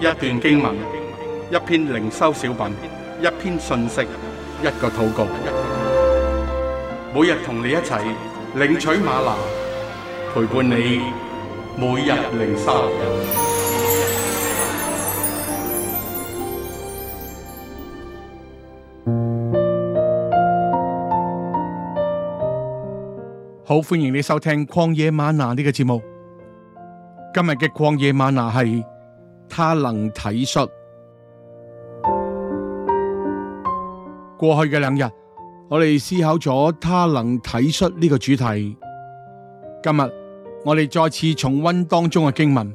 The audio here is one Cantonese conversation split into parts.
一段經文，一篇靈修小品，一篇信息，一個禱告。每日同你一齊領取嗎哪，陪伴你每日靈修。好，歡迎你收聽《曠野嗎哪》呢個節目。今日嘅《曠野嗎哪》係。他能體恤。過去嘅兩日，我哋思考咗他能體恤呢個主題。今日我哋再次重溫當中嘅經文《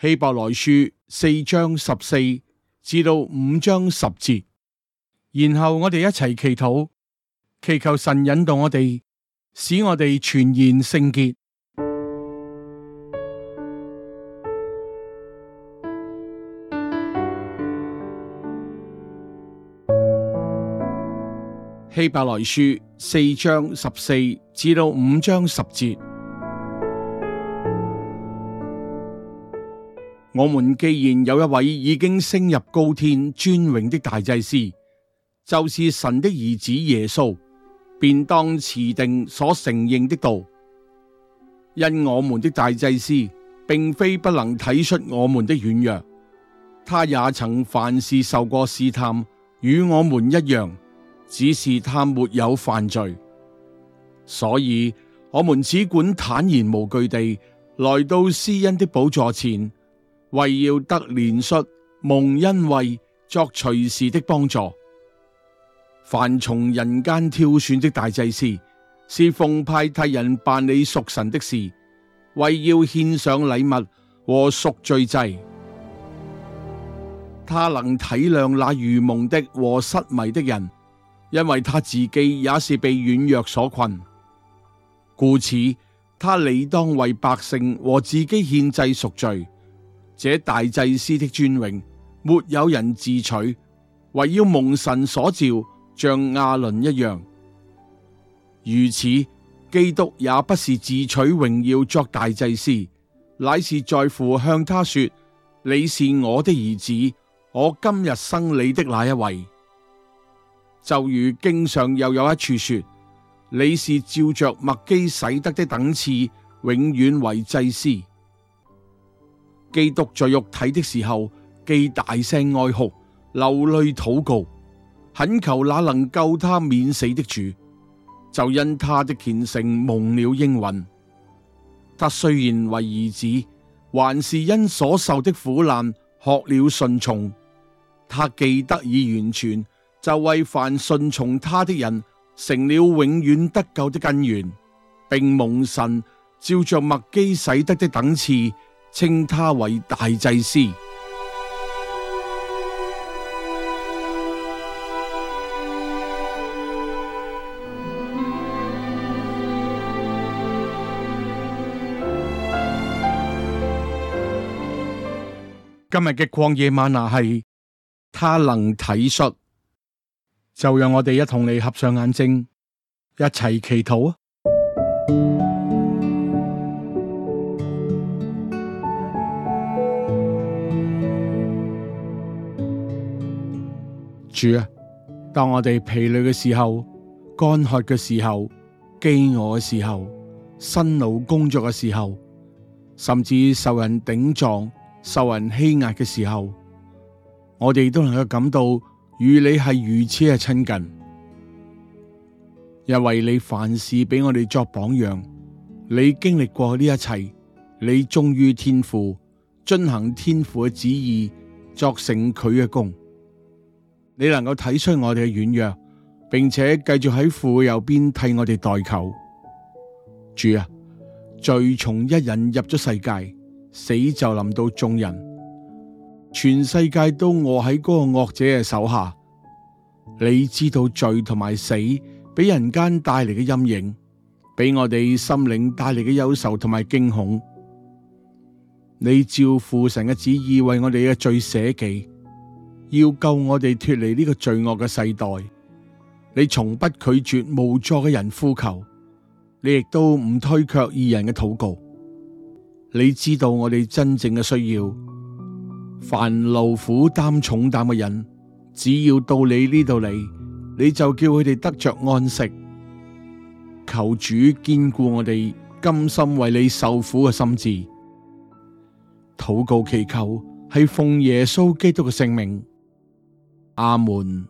希伯來書》四章十四至到五章十節，然後我哋一齊祈禱，祈求神引導我哋，使我哋全然聖潔。希伯來書四章十四至到五章十節，我們既然有一位已經升入高天尊榮的大祭司，就是神的兒子耶穌，便當持定所承認的道。因我們的大祭司並非不能體恤我們的軟弱，他也曾凡事受過試探，與我們一樣。只是他沒有犯罪，所以我們只管坦然無懼地來到施恩的寶座前，為要得憐恤、蒙恩惠、作隨時的幫助。凡從人間挑選的大祭司，是奉派替人辦理屬神的事，為要獻上禮物和贖罪祭。他能體諒那愚蒙的和失迷的人。因為他自己也是被軟弱所困，故此他理當為百姓和自己獻祭贖罪。這大祭司的尊榮，沒有人自取，唯要蒙神所召，像亞倫一樣。如此，基督也不是自取榮耀作大祭司，乃是在乎向他說：你是我的兒子，我今日生你的那一位。就如經上又有一處說，你是照着麥基洗德的等次，永遠為祭司。基督在肉體的時候，既大聲哀哭，流淚禱告，懇求那能救他免死的主，就因他的虔誠蒙了應允。他雖然為兒子，還是因所受的苦難學了順從。他既得以完全。就為凡順從他的人，成了永遠得救的根源，並蒙神照着麥基洗德的等次，稱他為大祭司。 今日嘅曠野嗎哪，係他能體恤。就讓我哋一同嚟合上眼睛，一齊祈禱啊！主啊，當我哋疲累嘅時候、乾渴嘅時候、飢餓嘅時候、辛勞工作嘅時候，甚至受人頂撞、受人欺壓嘅時候，我哋都能夠感到。與你係如此嘅親近，又為你凡事俾我哋作榜樣。你經歷過呢一切，你忠於天父，遵行天父嘅旨意，作成佢嘅功。你能夠體恤我哋嘅軟弱，並且繼續喺父右邊替我哋代求。主啊，罪從一人入咗世界，死就臨到眾人。全世界都臥喺嗰個惡者嘅手下，你知道罪同埋死俾人間帶嚟嘅陰影，俾我哋心靈帶嚟嘅憂愁同埋驚恐。你照父神嘅旨意為我哋嘅罪捨己，要救我哋脫離呢個罪惡嘅世代。你從不拒絕無助嘅人呼求，你亦都唔推卻異人嘅禱告。你知道我哋真正嘅需要。煩勞苦擔重擔嘅人，只要到你呢度嚟，你就叫佢哋得着安息。求主堅固我哋甘心為你受苦嘅心志。禱告祈求，係奉耶穌基督嘅聖名，阿門。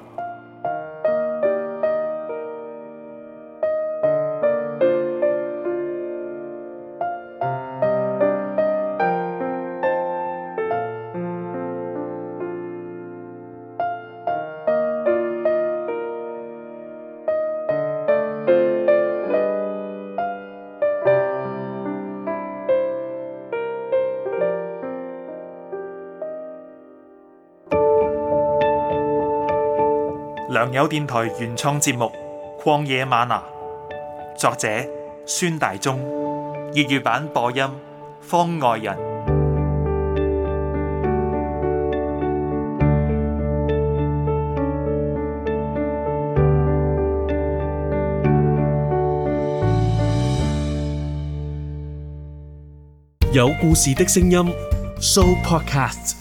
良友電台原創節目《曠野嗎哪》，作者孫大中，粵語版播音方外人，有故事的聲音，Show Podcasts。